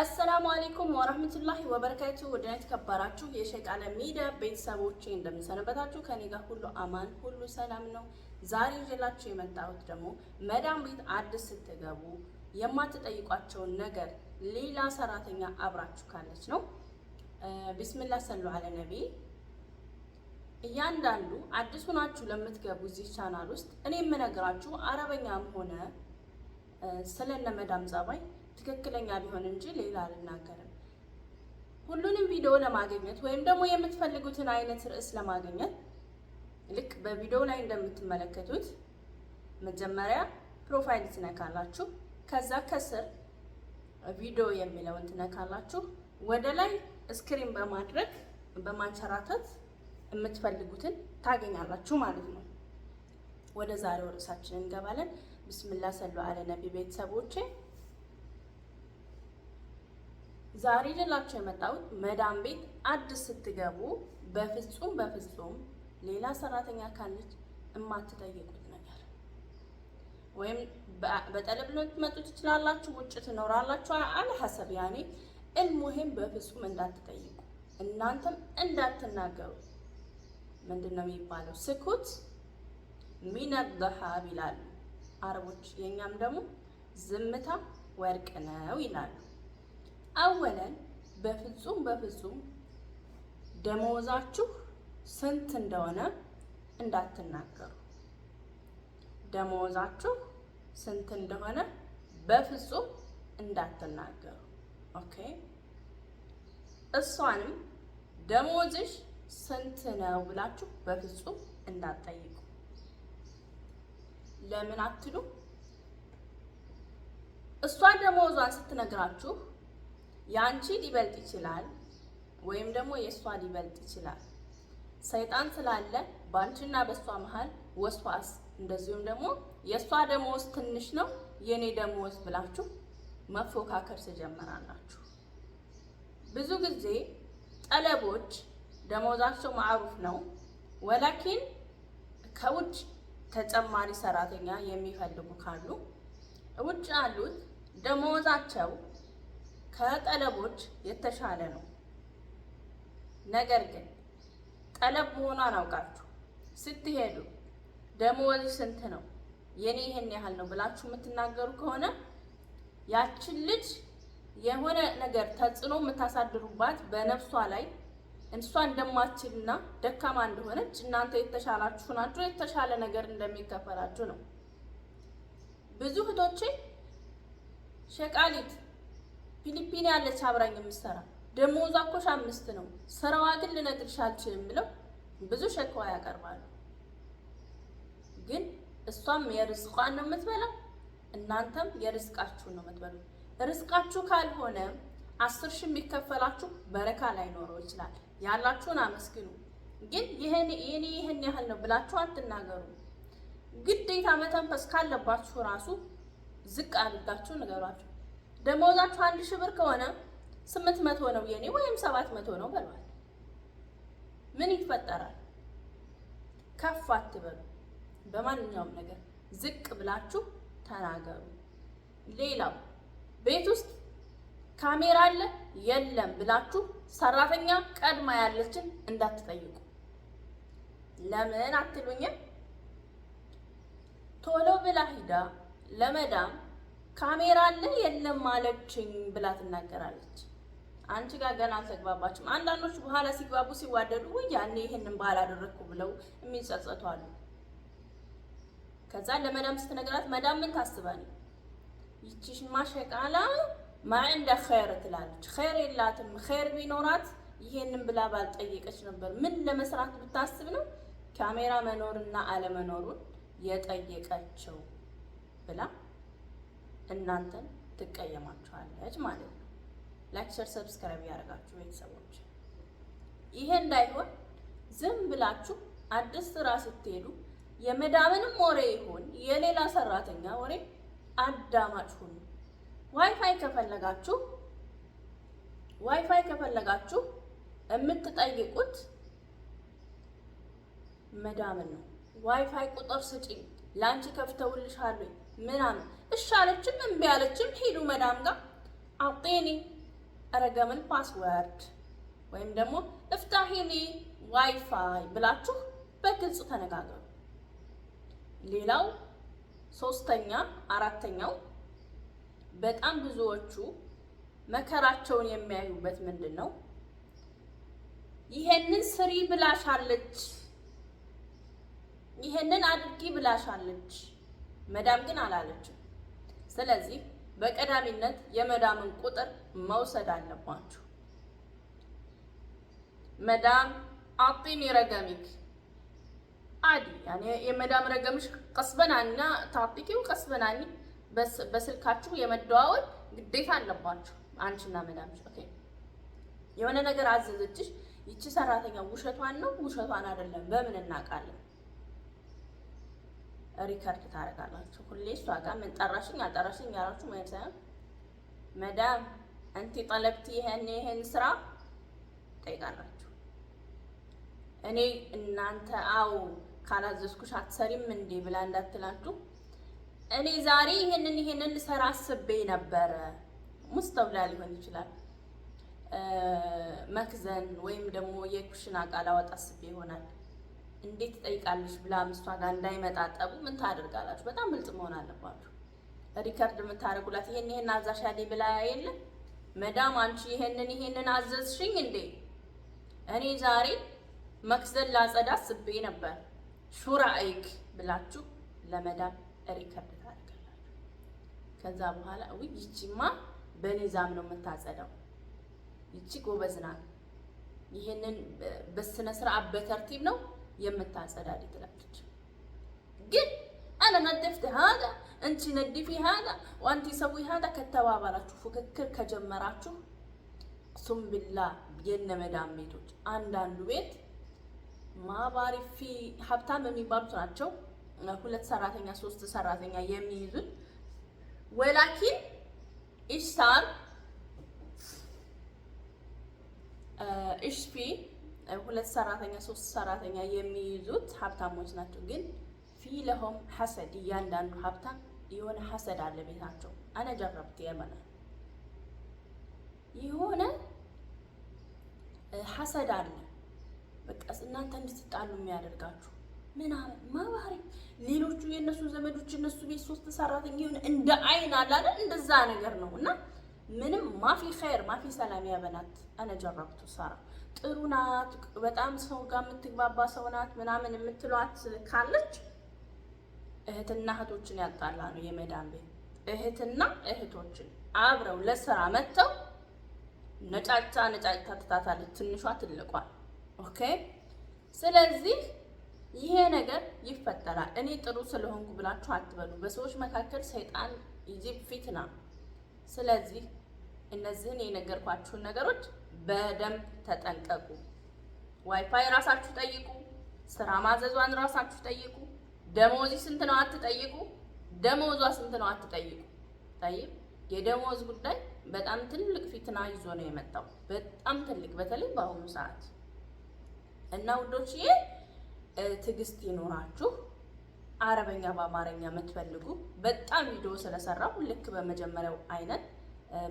አሰላሙ አሌይኩም ወረህመቱላሂ ወበረካቱ። ውድና የተከበራችሁ የሼክ አለም ሚዲያ ቤተሰቦቼ እንደምንሰነበታችሁ፣ ከኔ ጋር ሁሉ አማን ሁሉ ሰላም ነው። ዛሬ ይዤላችሁ የመጣሁት ደግሞ መዳም ቤት አዲስ ስትገቡ የማትጠይቋቸውን ነገር ሌላ ሰራተኛ አብራችሁ ካለች ነው። ቢስሚላህ ሰሉ አለ ነቢ። እያንዳንዱ አዲስ ሆናችሁ ለምትገቡ እዚህ ቻናል ውስጥ እኔ የምነግራችሁ አረበኛም ሆነ ስለነ መዳም ጸባይ ትክክለኛ ቢሆን እንጂ ሌላ አልናገርም። ሁሉንም ቪዲዮ ለማግኘት ወይም ደግሞ የምትፈልጉትን አይነት ርዕስ ለማግኘት ልክ በቪዲዮ ላይ እንደምትመለከቱት መጀመሪያ ፕሮፋይል ትነካላችሁ። ከዛ ከስር ቪዲዮ የሚለውን ትነካላችሁ። ወደ ላይ ስክሪን በማድረግ በማንሸራተት የምትፈልጉትን ታገኛላችሁ ማለት ነው። ወደ ዛሬው ርዕሳችን እንገባለን። ብስምላ ሰሉ አለ ነቢ ቤተሰቦቼ ዛሬ ልላችሁ የመጣሁት መዳም ቤት አዲስ ስትገቡ በፍጹም በፍጹም ሌላ ሰራተኛ ካለች የማትጠይቁት ነገር ወይም በጠለብ ልትመጡ ትችላላችሁ፣ ውጭ ትኖራላችሁ። አለ ያኔ እልሙሄም በፍጹም እንዳትጠይቁ፣ እናንተም እንዳትናገሩ። ምንድን ነው የሚባለው? ስኩት ሚነድሃብ ይላሉ አረቦች፣ የእኛም ደግሞ ዝምታ ወርቅ ነው ይላሉ። አወለን በፍጹም በፍጹም ደመወዛችሁ ስንት እንደሆነ እንዳትናገሩ። ደመወዛችሁ ስንት እንደሆነ በፍጹም እንዳትናገሩ። ኦኬ። እሷንም ደመወዝሽ ስንት ነው ብላችሁ በፍጹም እንዳትጠይቁ። ለምን አትሉ? እሷን ደመወዟን ስትነግራችሁ ያንቺ ሊበልጥ ይችላል ወይም ደግሞ የእሷ ሊበልጥ ይችላል። ሰይጣን ስላለ በአንቺና በእሷ መሀል ወስዋስ፣ እንደዚሁም ደግሞ የእሷ ደሞዝ ትንሽ ነው የእኔ ደሞዝ ብላችሁ መፎካከር ትጀምራላችሁ። ብዙ ጊዜ ጠለቦች ደሞዛቸው ማዕሩፍ ነው፣ ወላኪን ከውጭ ተጨማሪ ሰራተኛ የሚፈልጉ ካሉ ውጭ ያሉት ደሞዛቸው ከጠለቦች የተሻለ ነው። ነገር ግን ጠለብ መሆኗን አውቃችሁ ስትሄዱ ደሞዝ ስንት ነው፣ የኔ ይሄን ያህል ነው ብላችሁ የምትናገሩ ከሆነ ያችን ልጅ የሆነ ነገር ተጽዕኖ የምታሳድሩባት በነፍሷ ላይ እሷ እንደማትችልና ደካማ እንደሆነች እናንተ የተሻላችሁ ናችሁ፣ የተሻለ ነገር እንደሚከፈላችሁ ነው። ብዙ እህቶቼ ሸቃሊት ፊሊፒን ያለች አብራኝ የምትሰራ ደሞ እኮ ሺህ አምስት ነው፣ ስራዋ ግን ልነግርሽ አልችልም ብለው ብዙ ሸክዋ ያቀርባሉ። ግን እሷም የርዝቋን ነው የምትበላው፣ እናንተም የርዝቃችሁን ነው የምትበሉት። ርዝቃችሁ ካልሆነ አስር ሺህ የሚከፈላችሁ በረካ ላይኖረው ይችላል። ያላችሁን አመስግኑ፣ ግን ይህን የኔ ይህን ያህል ነው ብላችሁ አትናገሩ። ግዴታ መተንፈስ ካለባችሁ ራሱ ዝቅ አድርጋችሁ ንገሯችሁ። ደሞዛችሁ አንድ ሺህ ብር ከሆነ ስምንት መቶ ነው የኔ ወይም ሰባት መቶ ነው በሏል። ምን ይፈጠራል? ከፍ አትበሉ። በማንኛውም ነገር ዝቅ ብላችሁ ተናገሩ። ሌላው ቤት ውስጥ ካሜራ አለ የለም ብላችሁ ሰራተኛ ቀድማ ያለችን እንዳትጠይቁ። ለምን አትሉኝም? ቶሎ ብላ ሂዳ ለመዳም ካሜራ አለ የለም አለችኝ ብላ ትናገራለች። አንቺ ጋር ገና አልተግባባችም። አንዳንዶች በኋላ ሲግባቡ ሲዋደዱ ወይ ያኔ ይሄንን ባላደረግኩ ብለው የሚጸጸቱ አሉ። ከዛ ለመዳም ስትነግራት መዳም ምን ታስባለ? ይቺሽ ማሸቃላ ማዕንደ ኸይር ትላለች። ኸይር የላትም። ኸይር ቢኖራት ይሄንን ብላ ባልጠየቀች ነበር። ምን ለመስራት ብታስብ ነው ካሜራ መኖርና አለመኖሩን የጠየቀችው ብላ እናንተን ትቀየማችኋለች ማለት ነው። ላይክ፣ ሸር፣ ሰብስክራይብ ያደርጋችሁ ቤተሰቦች፣ ይሄ እንዳይሆን ዝም ብላችሁ አዲስ ስራ ስትሄዱ የመዳምንም ወሬ ይሁን የሌላ ሰራተኛ ወሬ አዳማጭ ሁኑ። ዋይፋይ ከፈለጋችሁ ዋይፋይ ከፈለጋችሁ የምትጠይቁት መዳምን ነው። ዋይፋይ ቁጥር ስጪኝ፣ ለአንቺ ከፍተውልሻሉ ምናምን እሺ አለችም እምቢ አለችም። ሂዱ መዳም ጋር አጤኒ ረገምን ፓስወርድ ወይም ደግሞ እፍታሂሊ ዋይፋይ ብላችሁ በግልጽ ተነጋገሩ። ሌላው ሶስተኛ አራተኛው በጣም ብዙዎቹ መከራቸውን የሚያዩበት ምንድን ነው? ይሄንን ስሪ ብላሻለች፣ ይሄንን አድርጊ ብላሻለች፣ መዳም ግን አላለችም። ስለዚህ በቀዳሚነት የመዳምን ቁጥር መውሰድ አለባችሁ። መዳም አጢኒ ረገሚክ አዲ የመዳም ረገምሽ ቀስበናና ታጥቂው ቀስበናኒ በስልካችሁ የመደዋወል ግዴታ አለባችሁ። አንቺና መዳምሽ ኦኬ። የሆነ ነገር አዘዘችሽ፣ ይቺ ሰራተኛ ውሸቷን ነው ውሸቷን አይደለም በምን እናውቃለን? ሪከርድ ታደርጋላችሁ። ሁሌ እሷ ጋር ምን ጠራሽኝ አልጠራሽኝ ያላችሁ ማለት ሳይሆን መዳም እንቲ ጠለብቲ ይሄን ይሄን ስራ ጠይቃላችሁ። እኔ እናንተ አው ካላዘዝኩሽ አትሰሪም እንዴ ብላ እንዳትላችሁ። እኔ ዛሬ ይሄንን ይሄንን ልሰራ አስቤ ነበረ። ሙስተብላ ሊሆን ይችላል መክዘን ወይም ደግሞ የኩሽና ቃል አወጣ አስቤ ይሆናል እንዴት ትጠይቃለች ብላ ምስቷ ጋር እንዳይመጣጠቡ ምን ታደርጋላችሁ? በጣም ብልጥ መሆን አለባችሁ። ሪከርድ የምታደርጉላት ይሄን ይሄን አዛሻሌ ብላ የለም መዳም አንቺ ይሄንን ይሄንን አዘዝሽኝ እንዴ? እኔ ዛሬ መክዘን ላጸዳ ስቤ ነበር ሹራይክ ብላችሁ ለመዳም ሪከርድ ታደርጋላችሁ። ከዛ በኋላ ውይ ይቺማ በኒዛም ነው የምታጸዳው፣ ይቺ ጎበዝ ናት፣ ይሄንን በስነ ስርዓት በተርቲብ ነው የምታጸዳድ ትላለች። ግን አነ ነደፍት ሀዳ እንቺ ነድፊ ሀዳ ዋንቲ ሰዊ ሀዳ ከተባበራችሁ፣ ፍክክር ከጀመራችሁ ሱምብላ ቢላ የነ መዳም ቤቶች አንዳንዱ ቤት ማባሪፊ ሀብታም የሚባሉት ናቸው። ሁለት ሰራተኛ ሶስት ሰራተኛ የሚይዙት ወላኪን ኢሽሳር ኢሽፒ ሁለት ሰራተኛ ሶስት ሰራተኛ የሚይዙት ሀብታሞች ናቸው። ግን ፊለሆም ሐሰድ እያንዳንዱ ሀብታም የሆነ ሐሰድ አለ ቤታቸው። አነ ጀረብት የመነ የሆነ ሐሰድ አለ። በቃ እናንተ እንድትጣሉ የሚያደርጋችሁ ምናምን ማባሪ ሌሎቹ የእነሱ ዘመዶች እነሱ ቤት ሶስት ሰራተኛ ሆነ እንደ አይን አላለ እንደዛ ነገር ነው እና ምንም ማፊ ኸይር ማፊ ሰላም ያበናት አነ ጀረብቱ ሰራ ጥሩ ናት፣ በጣም ሰው ጋር የምትግባባ ሰው ናት ምናምን የምትሏት ካለች እህትና እህቶችን ያጣላ ነው የመዳን ቤት። እህትና እህቶችን አብረው ለስራ መጥተው ነጫጫ ነጫጫ ትታታለች፣ ትንሿ ትልቋል። ኦኬ። ስለዚህ ይሄ ነገር ይፈጠራል። እኔ ጥሩ ስለሆንኩ ብላችሁ አትበሉ። በሰዎች መካከል ሰይጣን ይጅብ ፊትና። ስለዚህ እነዚህን የነገርኳችሁን ነገሮች በደንብ ተጠንቀቁ። ዋይፋይ ራሳችሁ ጠይቁ። ስራ ማዘዟን ራሳችሁ ጠይቁ። ደሞዝ ስንት ነው አትጠይቁ። ደሞዟ ስንት ነው አትጠይቁ። ታይ የደሞዝ ጉዳይ በጣም ትልቅ ፊትና ይዞ ነው የመጣው። በጣም ትልቅ በተለይ በአሁኑ ሰዓት እና ውዶችዬ ትዕግስት ይኖራችሁ። አረበኛ በአማርኛ የምትፈልጉ በጣም ቪዲዮ ስለሰራው ልክ በመጀመሪያው አይነት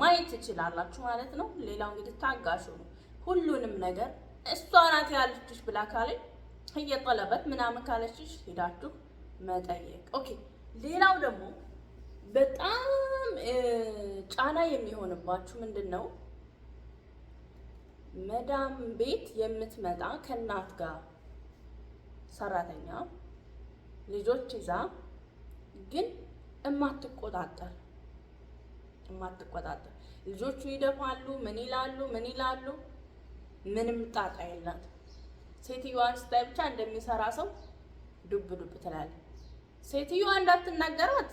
ማየት ትችላላችሁ ማለት ነው። ሌላው እንግዲህ ታጋሽ ነው። ሁሉንም ነገር እሷ ናት ያለችሽ ብላ ካለች እየጠለበት ምናምን ካለችሽ ሄዳችሁ መጠየቅ። ኦኬ። ሌላው ደግሞ በጣም ጫና የሚሆንባችሁ ምንድን ነው መዳም ቤት የምትመጣ ከእናት ጋር ሰራተኛ ልጆች ይዛ ግን እማትቆጣጠር የማትቆጣጠር ልጆቹ ይደፋሉ፣ ምን ይላሉ፣ ምን ይላሉ፣ ምንም ጣጣ የላት። ሴትዮዋን ስታይ ብቻ እንደሚሰራ ሰው ዱብ ዱብ ትላለች። ሴትዮዋ እንዳትናገራት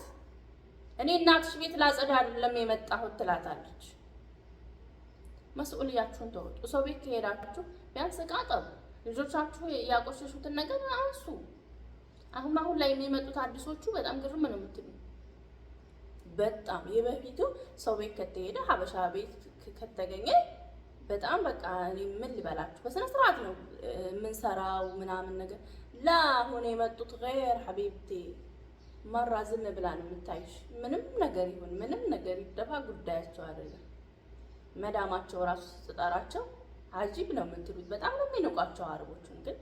እኔ እናትሽ ቤት ላጸዳ አይደለም የመጣሁት ትላታለች። መስኡልያችሁን ተወጡ። ሰው ቤት ከሄዳችሁ ቢያንስ ዕቃ ጠቡ። ልጆቻችሁ ያቆሸሹትን ነገር አንሱ። አሁን አሁን ላይ የሚመጡት አዲሶቹ በጣም ግርም ነው የምትሉ በጣም የበፊቱ ሰው ቤት ከተሄደ ሀበሻ ቤት ከተገኘ በጣም በቃ ምን ልበላችሁ፣ በስነ ስርዓት ነው የምንሰራው ምናምን ነገር ላሁን የመጡት ገይር ሀቢብቴ መራ ዝም ብላ ነው የምታይሽ። ምንም ነገር ይሁን ምንም ነገር ይደፋ ጉዳያቸው አይደለም። መዳማቸው ራሱ ስትጠራቸው አጂብ ነው የምትሉት። በጣም ነው የሚንቋቸው አረቦቹን ግን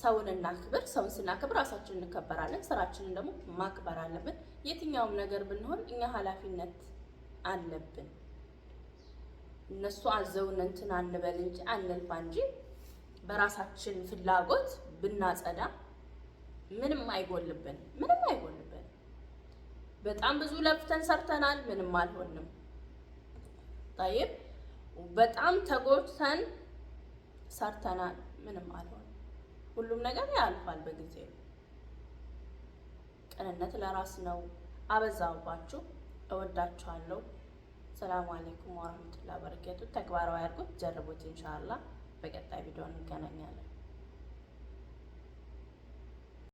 ሰውን እናክብር። ሰውን ስናክብር ራሳችንን እንከበራለን። ስራችንን ደግሞ ማክበር አለብን። የትኛውም ነገር ብንሆን እኛ ኃላፊነት አለብን። እነሱ አዘውን እንትን አንበል እንጂ አንልፋ እንጂ በራሳችን ፍላጎት ብናጸዳ ምንም አይጎልብን፣ ምንም አይጎልብን። በጣም ብዙ ለፍተን ሰርተናል፣ ምንም አልሆንም። ይ በጣም ተጎድተን ሰርተናል፣ ምንም አልሆንም። ሁሉም ነገር ያልፋል በጊዜ። ቅንነት ለራስ ነው። አበዛውባችሁ። እወዳችኋለሁ። ሰላም አለይኩም ወራህመቱላሂ ወበረካቱ። ተግባራዊ አድርጉት፣ ጀርቡት። ኢንሻአላህ በቀጣይ ቪዲዮ እንገናኛለን።